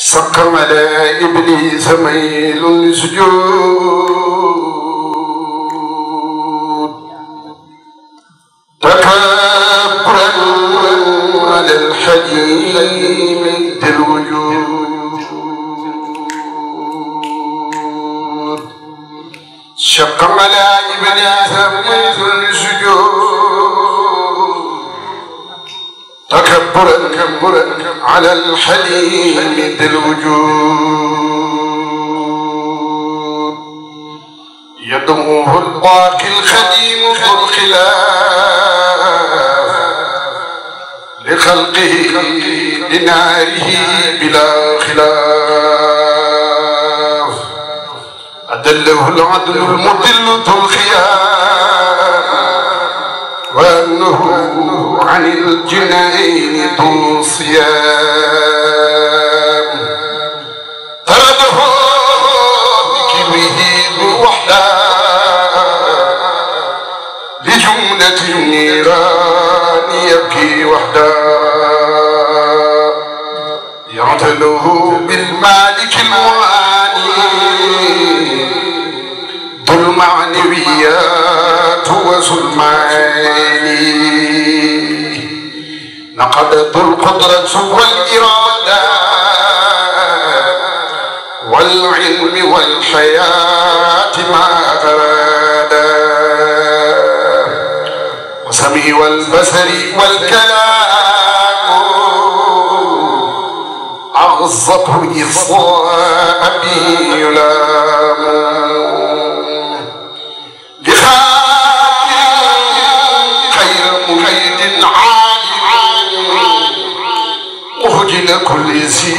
سقم على إبليس ميل السجود تكبرا على الحجيم ذي الوجود شق على إبليس البرد على الحليم ذي الوجود يدعوه الباقي الخديم ذو الخلاف لخلقه لناره بلا خلاف أدله العدل المضل ذو الخيار وأنه عن الجنين ذو صيام طرده بكبه الوحدة لجملة النيران يبكي وحده يعتله لقد ذو القدرة والإرادة والعلم والحياة ما أراد وسمع والبصر والكلام أغصته إخصاء به يلام لكل ذي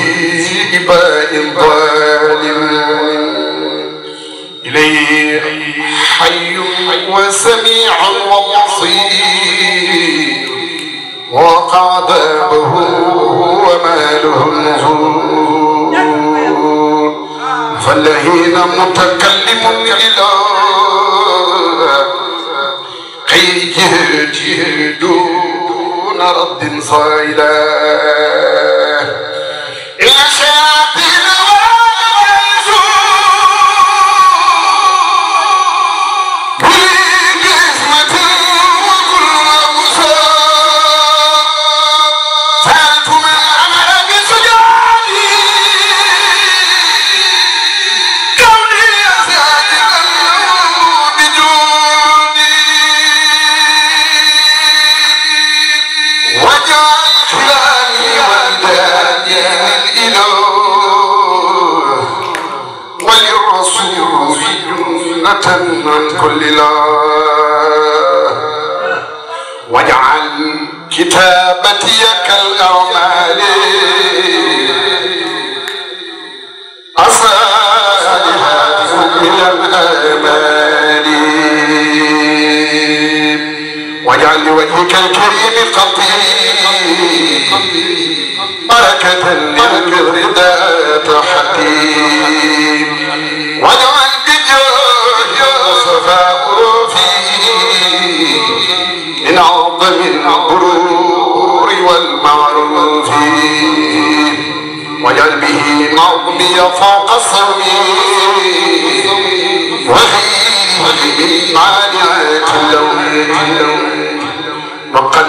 إباء ظالم إليه حي وسميع وبصير وقع عذابه وما له نزول فالذين متكلم إلى غير جهد دون رد صائلا وجهك الكريم قلبي بركة للرضا تحدي واجعل بجاه مصطفى وفيه من أعظم الغرور والمعروف واجعل به نظمي فاضي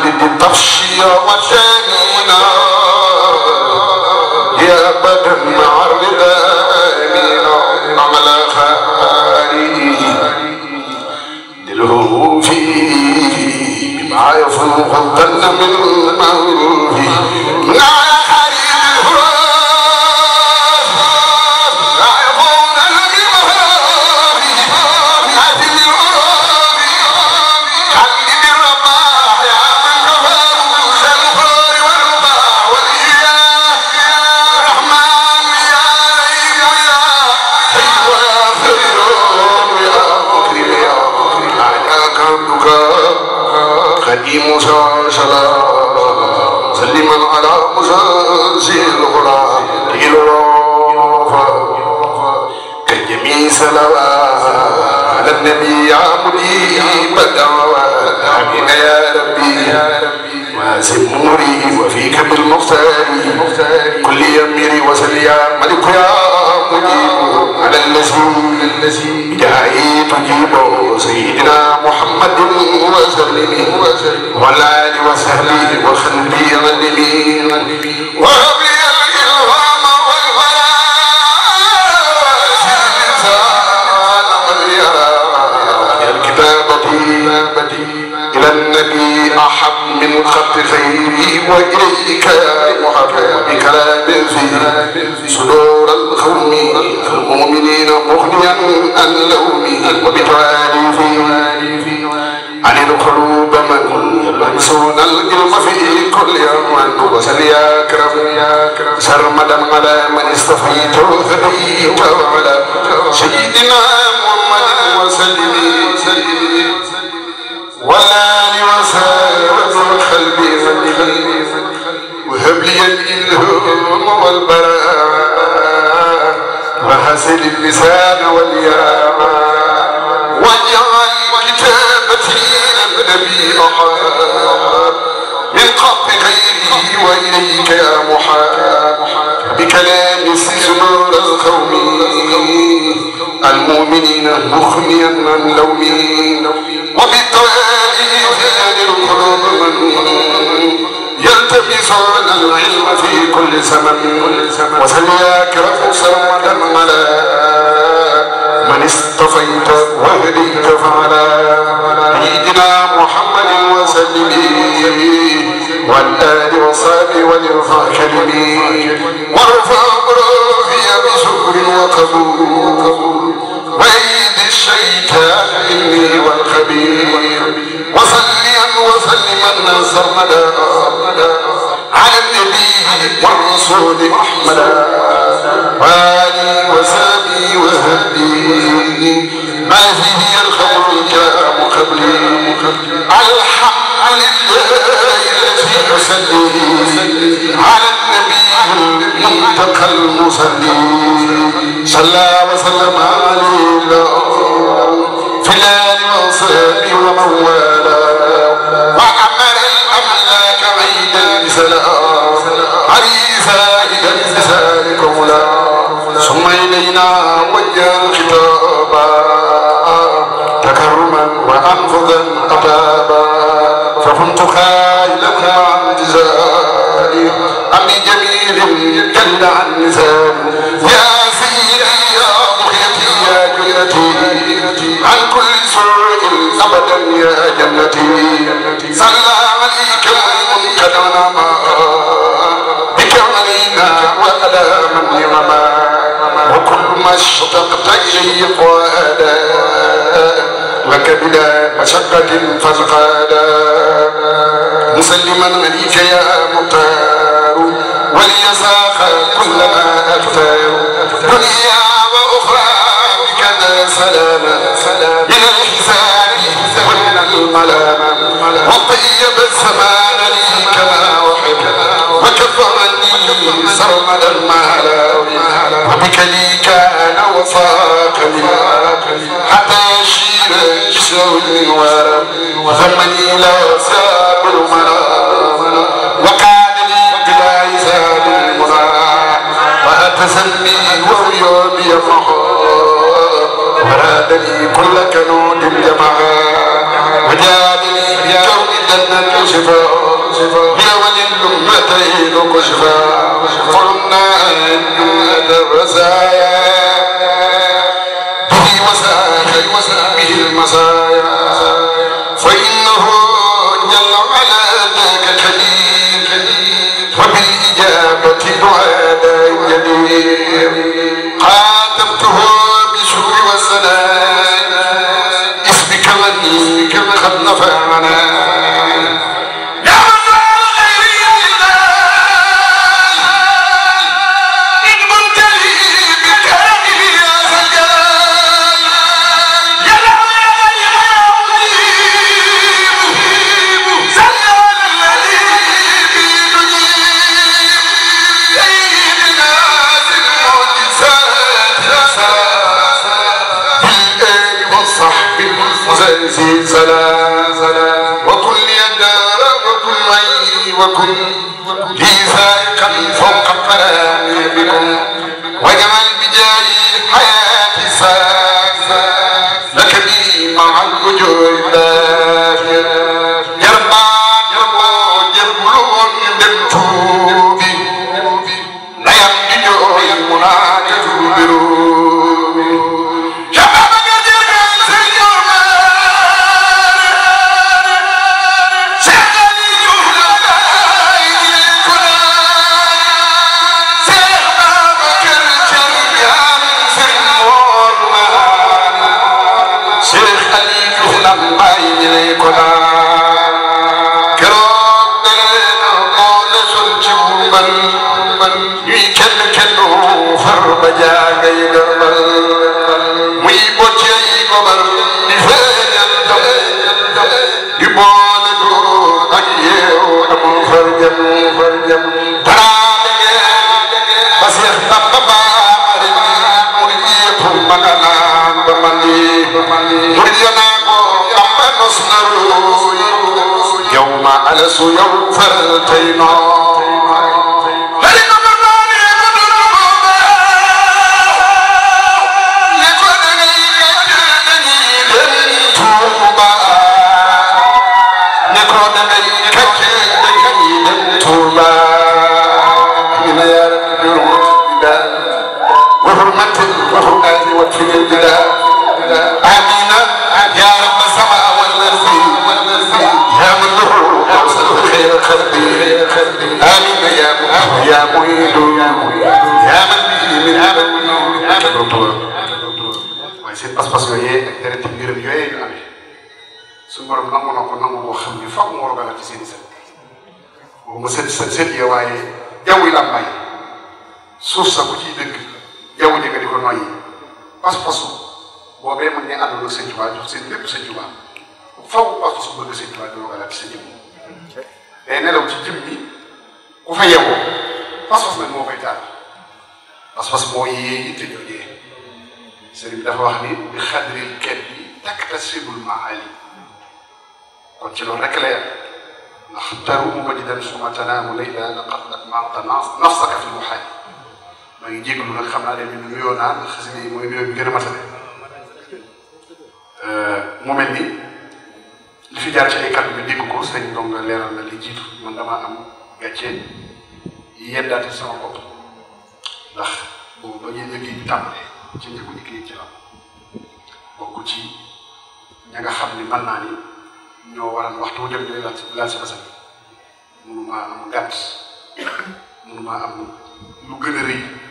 الولد تفشي وثاني على النبي مجيب الدعوة آمين يا ربي واسم نوري وفيك بالمختار كل يميري وسل يا ملك يا مجيب على الذي بدعائي تجيب سيدنا محمد وسلم وعلى آله وصحبه وخلبي غنمي وأبي عاطفيه وإليك محرم بكلام زي صدور القوم المؤمنين مغنيا عن لوم وبتعاريفي عن القلوب من منسون العلم في كل يوم وسل يا أكرم يا أكرم سرمدا على من استفيت ثري وعلى سيدنا محمد وسلم وسلم ولا لوسلم وهب لي الإلهام والبراء وحسن اللسان والياء واجعل كتابتي نبي من قبل غيري وإليك يا محاب بكلام سجن قومي المؤمنين مخنيا من لومي وبالدعاء للقلوب من إيصال العلم في كل زمن وسل يا كرم سرمدا على من اصطفيت وهديت فعلى سيدنا محمد وسلم والآل وصحبه ولرفع كلمي وارفع برافي بشكر وقبول وأيد الشيطان مني والخبير وصليا وسلما سرمدا والرسول أحمد وآلي وسابي وهدي ما هي الخير يا مقبلي الحق لله الذي أسلي على النبي المنتقى المصلي صلى وسلم عليه في الآل وأصحابه وموالاه إلينا وجه خطابا تكرما وأنفذا أتابا فكنت خائلا عن جزائي أمي جميل جل عن نسائي يا سيدي يا بغيتي يا جنتي عن كل سوء أبدا يا جنتي صلى بلا مشقة فالقادا مسلما عليك يا مختار وليساق كل ما أختار دنيا وأخرى بكذا سلاما من الحساب ومن الملامة وطيب الزمان لي كما وحب وكف عني سرمدا مهلا وبك لي كان وفاقني حتى شيرا الشر وهمني لا ساب المنى وكان لي بلا يزال المنى وأتسمي وعيوبي محو ورادني كل كنود جمعا وجادني بكون جنة شفاء بأول الأمتين كشفاء قلنا أن الرزايا فلا su yow pas-pasu boobee mën nañ àndandoo sëñ Tuubaa jox seen lépp sëñ Tuubaa faw pas-pasu bëgg sëñ Tuubaa dina ko laaj sa jëmm day nelaw ci jëm bi ku fa yeewoo pas-pas nag moo koy taal pas-pas moo yee yitte joojee sëriñ bi dafa wax ni bi xadril kenn bi taktasibul maali kon ci loolu rek la yem ndax taru mu ko di dem suma tanaamu layla laqad atmamta nafsaka fi muhaali maa ngi jégalu nag xam naa ne ñun bi mu euh, mel ni li fi jaar ci ay kàddu bi dégg ko sëñ Ndonga leeral na li jiitu sama bopp ndax boobu ba ñuy liggéey bi tàmbalee ci njëkku liggéey ci la bokk ci ña nga xam ni mën naa ni ñoo waral waxtu wu dem di si basal mënumaa am gàtt mënumaa am lu gën rëy.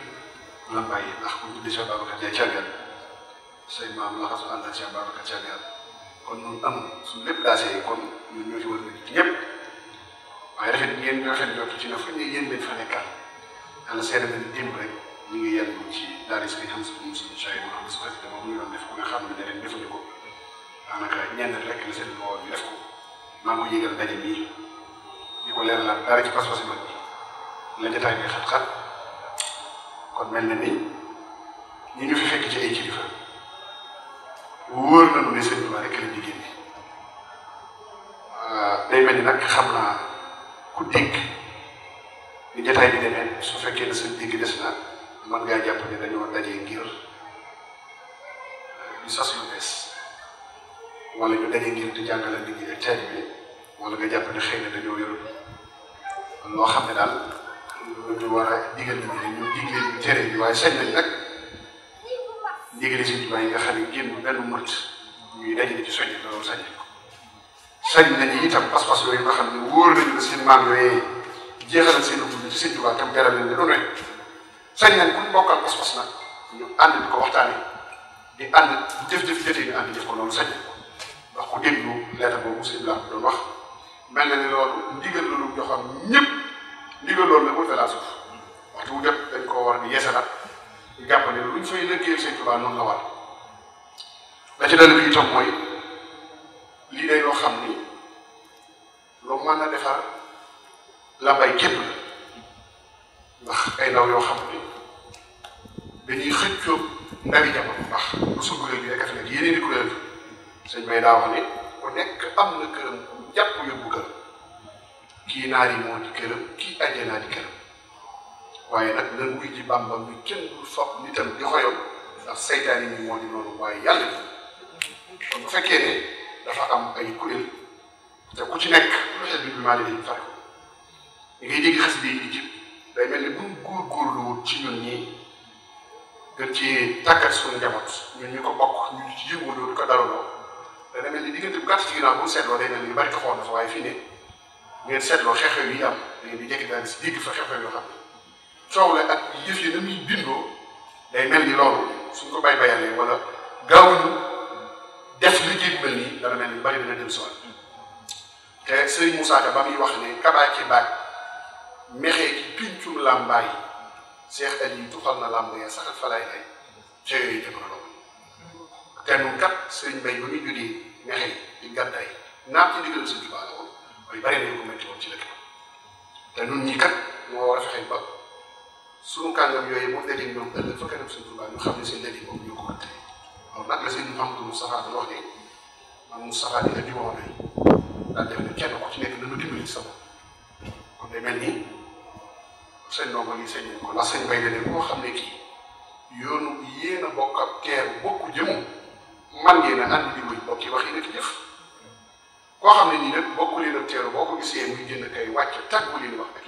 la bàyyi ndax ku tudd Cheikh Babacar Ndiaye Thiagal say maam la xasul ànd ak Cheikh Babacar Thiagal kon ñun amul su lépp daasee kon ñun ñoo ci war a ñëpp waaye rafet ngeen rafet jot ci ne fu ñu yéen lañ fa nekkal yàlla seede na ni démb rek ñu ngi yenn ci daaris bi xam suñu suñu chahir ma xam su ko si dama mu doon def ko nga xam ne ren defuñu ko daanaka ñenn rek la seen boor bi def ko maa ngi ko yëgal ndaje bii di ko leeralal dara ci pas-pas bi la kon mel na ni ñi ñu fi fekk ci ay kilifa wóor nañu ne sëñ Tuubaa rek la ñu génne euh, day mel ni nag xam naa ku dégg ni jotaay bi demee su fekkee ne seen dégg des na mën ngaa jàpp ne dañoo daje ngir euh, ñu sas yu bees wala ñu daje ngir di jàngale nit ñi ak taalibe wala nga jàpp ne xëy dañoo yor loo xam ne daal. lu ñu war a digal nit ñi ñu digle ñu tere bi waaye sañ nañ nag digle si jumaa yi nga xam ne génn benn murit ñuy dajale ci soññ loolu sañ nañ ko sañ nañu itam pas-pas yooyu nga xam ne wóor nañu ne seen maam yooyu jeexalal seen dugub ci seen jumaa tam beral leen ne doon rek sañ nañ ku bokkal pas-pas nag ñu ànd di ko waxtaanee di ànd jëf-jëf jotee ñu ànd jëf ko loolu sañ ndax ku déglu leeta boobu seen laa doon wax mel na ni loolu ndigal loolu joxam ñëpp. fay liggéeyal Sëñ Tuubaa noonu la war da ci dal ndax ay ndaw yoo xam ni dañuy xëccoo ndawi jamono ndax lu su kuréel bi rek fi nekk yeneen i kuréel sëñ may daa wax ni ku nekk am na këram jàpp yóbbu këram kii naar yi moo di këram kii ajjanaa di këram waaye nag lan wuy ji bàmba bi kenn du sopp nitam di xoyom ndax saytaan yi moo di noonu waaye yàlla bi fekkee ne dafa am ay kuréel te ku ci nekk projet bi bi maa leen di day mel ni buñ góorgóorlu ci ñun ñii gën ci tàggat ñu ko bokk ñu ci yëngu di ko ni diggante bu gàtt ci ginnaaw bu ni bari waaye fii ne ngeen seetloo xew am da ngeen di jékki daal si dégg fa xew-xew yoo coow la ak yëf yi na muy bindoo day mel ni loolu suñ ko bay bayalee wala gaawuñu def liggéey mel nii dana mel ni bari dana dem soxla te sëriñ Moussa ba muy wax ne kabaa ci baag mexee ci pincum làmbaay yi Seex Aliyu tuxal na làmb ya saxat falaay lay xëyoo yi dëkk loolu te nun kat sëriñ bay ba muy jógee mexee di gàddaay naam ci ndigal sëriñ Tuubaa la woon mooy bari nañ ko métti woon ci dëkk te nun ñi kat moo war a fexe ba suñu kàngam yooyu boo dajee ñoom ëllëg fa kanam seen tubaab ñu xam ne seen lëli boobu ñoo ko mën tey loolu nag la seen Mouhamadou Moustapha di wax ne man Moustapha dina di woon daal def ne kenn ku ci nekk nañu dimbali sa bopp kon day mel ni seen ndongo yi seen ko ndax seen bay dene koo xam ne kii yoonu yéen a bokk ak teer bokku jëmu man ngeen a ànd di muy bokk yi wax yi nag jëf koo xam ne nii nag bokku leen ak teeru boo ko gisee muy jënd kay wàcc tàggu leen wax ak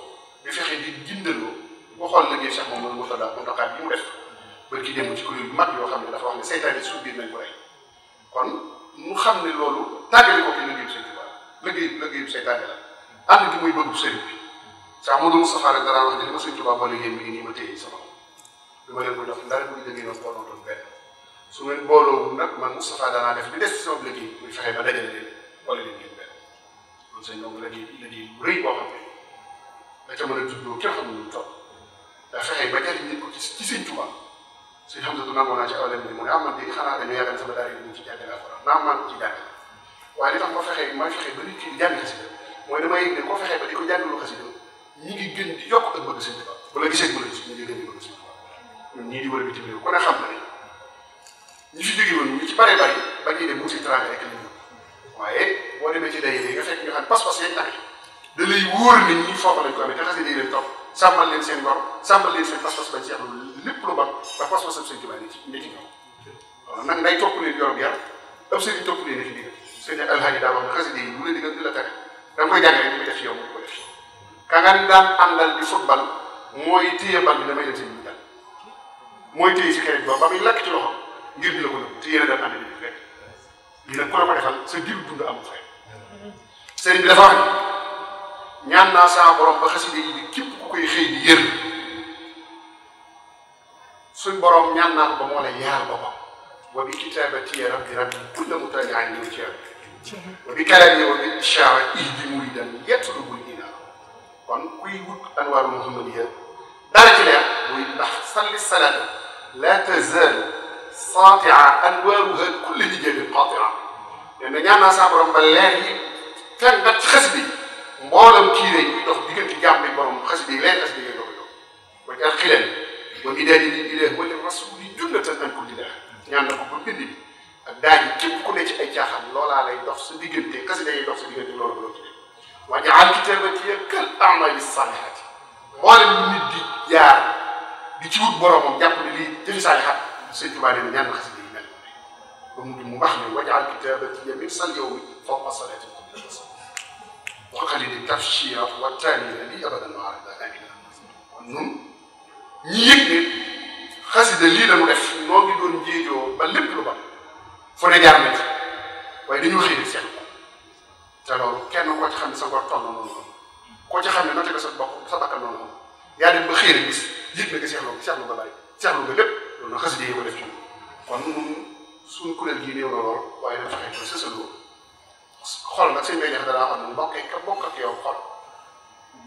di fexe di gindaloo boo xool liggéey Cheikh moom mu taxaw mu taxaw mu def ba ci démb yoo xam ne dafa wax ne seytaane suuf biir ko kon mu xam ne loolu tàggali ko ki liggéeyu Sëriñ Tuubaa liggéey liggéeyu seytaane la ànd gi muy bëggu sëriñ bi sax mu doon safaare dara wax ne ma Sëriñ Tuubaa boole yéen mi ngi nii ma téye sama lu ma leen ko jox ndar bu ñu liggéey noonu booloo doon benn su ngeen booloo nag man Moustapha danaa def li des ci sama liggéey muy fexe ba dajale leen boole leen ngeen benn loolu sëñ bi liggéey liggéey bu rëy da ca mën a juddoo kenn xamul lu mu toll daa fexe ba jëriñ nit ko ci sëñ Tuubaa suñ xam ne du nangoo naa ci awlem bi mu ne ah man de xanaa dañoo yaakaar sama daara yi ñu ci jàngale alxuraan naam maa ngi ci jàngale waaye li tax ma fexe ma fexe ba nit ki di jàng xasida mooy damay yëg ne koo fexe ba di ko jàngalu xasida ñi ngi gën di yokk ak bëgg sëñ Tuubaa bu la gisee bu la gis ñu ngi gën di bëgg sëñ Tuubaa ñun ñii di wër bitim réew ku ne xam na ne ñi fi jóge woon ñu ci bare bari ba ñuy dem mu si travé rek li ñu waaye boo demee ci day yi nga fekk ñu xam pas-pas yañ tax da lay wóor nit ñi foofu lañ ko amee te xasida yi leen topp sàmmal leen seen ngor sàmmal leen seen pas-pas bañ si am lépp lu baax ba pas-pasam seen tubaab yi ci nit ñi waaw nag nday topp leen yorom yar ah. ab sëriñ topp leen fi digal sëñ Alhaji daa wax ne xasida yi bu la digal di la tere da nga koy jàng rek ñu def yow ko def ka nga daan àndal di football mooy téye bal bi damay dem seen ñu jàll mooy téye si keneen ba ba muy lakk ci loxo ngir bi la ko nëbb te yéen a daan ànd di rek ñu ne ku la ko defal sa diir dund amul fay sëriñ bi dafa wax ñaan naa saa borom ba xasida yi di képp ku koy xëy di yër suñ borom ñaan naa ko ba moo lay yaar boppam wa bi kitaabati rabbi rabbi kulla wa bi kalaami wa bi ishaara ihdi muridan yatlubul inaa kon kuy wut anwaaru muhammadiya dara ci leer muy ndax salli salaata laa tazaalu saati'a anwaaruha kulli hijabin qaati'a ñaan naa saa borom ba leer yi fenn ba xas bi. mboolem tiire yi ñuy dox diggante jàmm bi borom xasida yi leen xasida yi dox ba ca xileen ba mu daal di leen wala rasuli junnatan an kulli daa ñaan na ko ba bind bi ak daal di ci ay caaxaan loolaa lay dox sa diggante xasida yi dox sa diggante loolu loolu ci wa jaal kitaabatiya kal amali saalihaati mboolem di jaar di ci wut boromam jàpp ne lii jëfi saalixaat mu mu wax ne wa jaal kitaabatiya min sal وقليل التفشير والتالي الذي ابدا ما عرف lii la mu def noo ngi doon jéejoo ba lépp lu ba fu ne jaar na ci waaye dañoo xëy seen te loolu kenn koo ci xam ne sa gor toll noonu koo ci xam ne noté sa bokk sa bakkan noonu yaa dem ba xëy na gis yëg lépp loolu nag ko def ci kon ñun suñ kuréel gii néew na dafa fexe ba sësaloo xol nag sëñ bay jax danaa xam ne mbokk ka bokk ak yow xol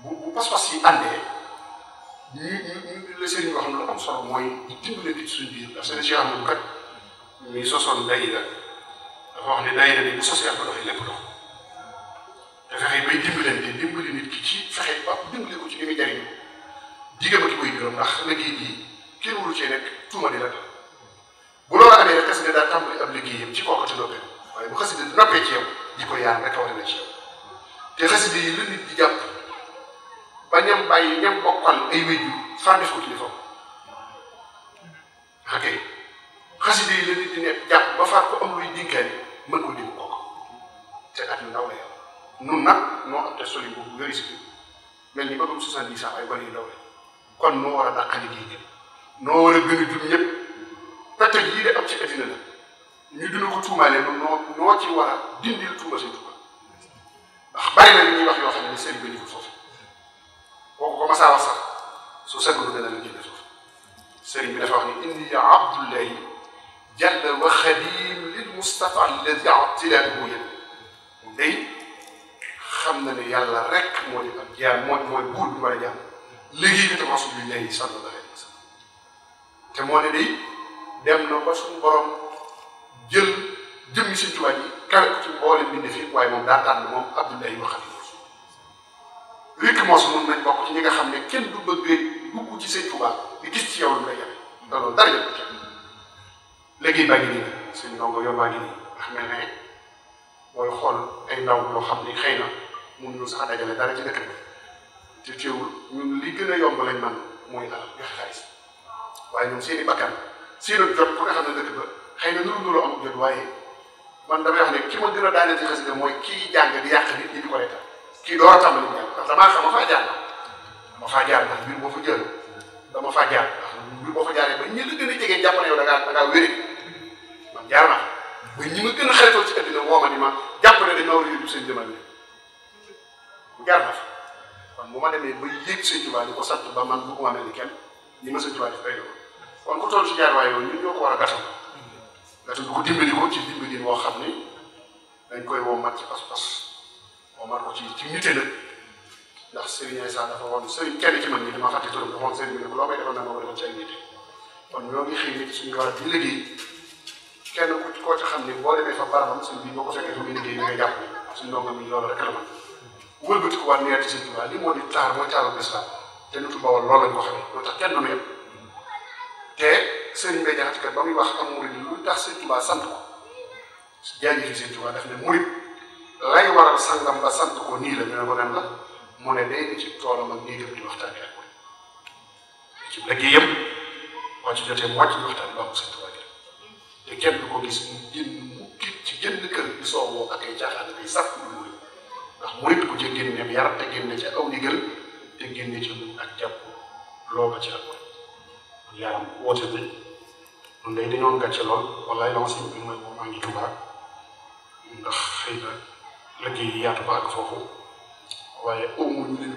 bu bu pas-pas yi àndee ñu ñu la sëriñ wax lu am solo mooy di dimbale ci suñu biir ndax daayira dafa wax ne daayira bi bu sosee ak dafay i dox te fexe bay dimbalante dimbali nit ki ci fexe ba dimbali ko ci li muy jariñu diggam ak koy juróom ndax liggéey bii kenn waru cee nekk tuuma di la def bu loolu amee rek xasida daa tàmbali ab liggéeyam ci kooku te noppee waaye bu xasida noppee ci di ko yaan rek a war a te xasida yi lu nit di jàpp ba ñam bàyyi ñam bokkal ay wéju sans def ko téléphone ok xasida yi la nit di nekk jàpp ba far ko am luy dinkaan mën ko dim kooku te at yu ndaw la yow nun nag noo am te soli boobu nga risque mel ni ba comme soixante-dix ans ay bari yu ndaw kon noo war a dàqali nit yi noo war a gën a jub ñëpp perte yii de am ci addina la ñu dina ko tuumaale noonu noo noo ci a dindi lu tuuma seen tuuma ndax bari na li ñuy wax yoo xam ne seen bëri ko foofu kooku ko masaa wax sax su sëgg lu dana la jënd foofu sëriñ bi dafa wax ni indi abdullahi jàll wa xadim lil mustafa alladi abtilaahu yéen moom day xam na ne yàlla rek moo di ab mooy buur bi war a jaam liggéey bi tam rasulillahi sallallahu alayhi wa sallam te moo ne day dem na ba suñu jël jëmmi Sëñ Tuubaa ji kawe ko ci mboolem bi def waaye moom daa tànn moom Abdoulaye waxati récompense moom nañ bokk ci ñi nga xam ne kenn du bëgg rek dugg ci Sëñ Tuubaa di gis ci yow lu lay yore te loolu dara yëpp ca léegi baa nii seen ndongo yow baa ngi nii ndax mel ne booy xool ay ndaw yoo xam ne xëy na mënuñu sax dajale dara ci dëkk bi te teewul ñun li gën a yomb lañ man mooy alal joxe xaalis waaye ñun seen i bakkan seen jot ku nga xam ne dëkk xëy na nuru nuru amul jot waaye man damay wax ne ki ma gën a daaneel ci xasida mooy kii jàng di yàq nit ñi di ko reetal kii door a tàmbali mu jàng ndax damaa xam ma faa jaar ma faa jaar ndax mbir boo fa jël dama faa jaar ndax mbir boo fa jaaree ba ñi la gën a jege jàpp na yow da ngaa da ngaa wéri man jaar naa ba ñi ma gën a xaritoo ci addina woo ma ni ma jàpp ne dañ ma war a yóbbu seen jëmal mu jaar na fa kon bu ma demee ba yéeg seen jubaa di ko sant ba man bu ko ma mel ni kenn ñi ma seen jubaa def day kon ku toll si jaar waaye yooyu ñun ñoo ko war a gasal nga tudd ko dimbali ko ci dimbali boo xam ni dañ koy woomat ci pas-pas woomat ko ci ci nite nag ndax Serigne Aïssa dafa woon Serigne kenn ci man ñi dama fàtte turam ne kon ñoo ngi xëy nit suñu war koo ci xam ni boo demee fa barabam suñ bi boo ko fekkee mu ngi liggéey nga jàpp suñu ndongo mi loolu rek la man wëlbati ko waa neer ci sëñ Tuubaa li moo di taar mooy taaru lislaam te nitu Bawol loolu lañ ko xamee loolu tax kenn du yem te sëriñ Mbay Jaxate kat ba muy wax am murid lu tax sëriñ Tuubaa sant ko jaajëfi sëriñ Tuubaa daf ne murid lay waral sangam ba sant ko nii la ñu ne ko nen la mu ne day ci toolam ak néegam di waxtaan ak murid ci liggéeyam wàcc jotee te kenn ko gis ci génn kër gi soowoo ak ay caaxaan ak ay sàkk lu murid ndax murid ku ci génneem yar te génne ci aw ndigal te génne ci lu ak jàpp loo ko ci ak yaram woote bi man day dañoo gàcce lool walaay la ma si bi mooy moom maa ngi Tuubaa ndax xëy na liggéey yi yaatu ba ak foofu waaye aw ma ñu leen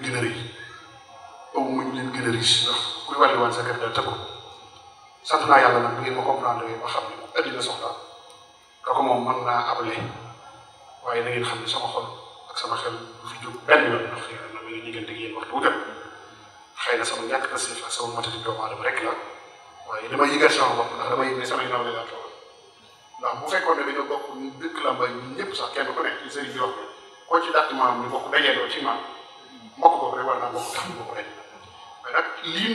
gën a ndax kuy wàlliwaan sa kër da tëggu sant naa yàlla nag bu ngeen ma comprendre ba xam ne addina soxla da ko moom mën naa able waaye da ngeen xam ne sama xol ak sama xel du fi jóg benn yoon ndax xëy na ma ngi diggante ak yéen waxtu wu xëy na sama ñàkk passif ak sama motali doomu aadama rek la waaye damay yëgal sama bopp ndax damay yëg ne samay nawle laa toog bu fekkoon ne dañoo bokk ñu dëkk lamba yi ñun ñëpp sax kenn ku nekk ci sëriñ bi wax ko ci dàtt maam ñu bokk rek war naa bokk tax ñu bokk rek mais nag lii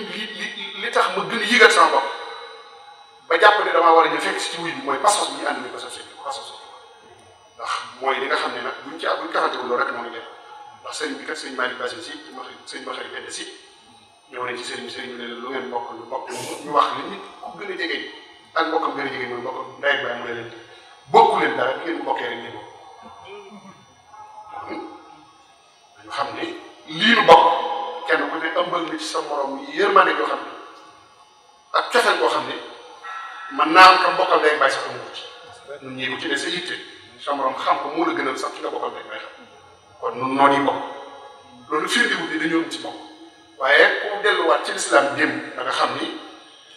li tax ma gën a yëgal sama bopp ba jàpp ne damaa war a ñu fekk si ci wuy bi mooy pasos bi ñu ànd ni pasos si ndax mooy li nga xam ne nag buñ ci buñ taxante wu loolu rek moo ngi def ndax sëriñ bi kat sëriñ Malick Bassine si sëriñ Maxari Pende si ñëw na ci sëriñ sëriñ lu ngeen bokk lu bokk ñu wax li nit ku gën a jege ak mbokkam gën a jege mooy mbokk ndey baay mu ne leen bokku leen dara ngeen bokkee rek xam ne lii nu bokk kenn ku ne ëmbal na ci sa morom yërmande yoo xam ne ak naa ko mbokkal baay sax amu ko ci ñun ñii ko ci ne sa yitte sa morom xam ko moo la gënal sax ci nga bokkal ndey baay xam kon noonu yi bokk loolu firnde wu ne dañoo am bokk waaye koo delluwaat ci lislaam démb da nga xam ni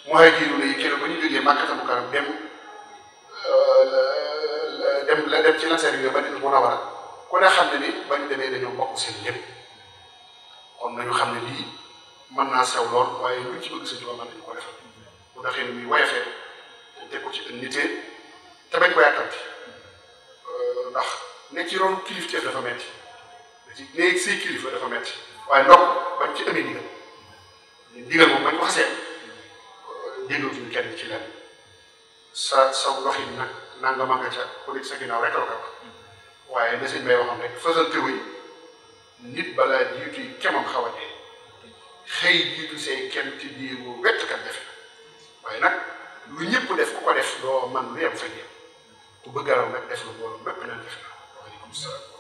muhaajiru yi keroog ba ñu jógee Màkkata Mukarram dem euh, dem la dem ci lanseer yi Madina Munawwara ku ne xam ne ni ba ñu demee dañoo bokk seen lépp kon nañu xam ne lii mën naa sew lool waaye lu ci bëgg sa jiw mën nañu ko defal bu taxee ni ko ci nitee te euh, ndax ne ci ron kilifteef dafa metti ne say kilifa dafa metti waaye ndox bañ ci amee ndigal ndigal moom bañ ko xasee déggatuñu kenn ci lenn sa sa ndox yi nag nanga ma nga ca ku nekk sa ginnaaw rek la ko waaye na sëñ bay waxoon rek fësal tëwu yi nit balaa jiitu kemam xaw a xëy jiitu say kem ci bu wett kat defe waaye nag lu ñëpp def ku ko def doo man lu yem fa ku bëgg nag def lu mbooloo mépp naan defe na waaleykum salaam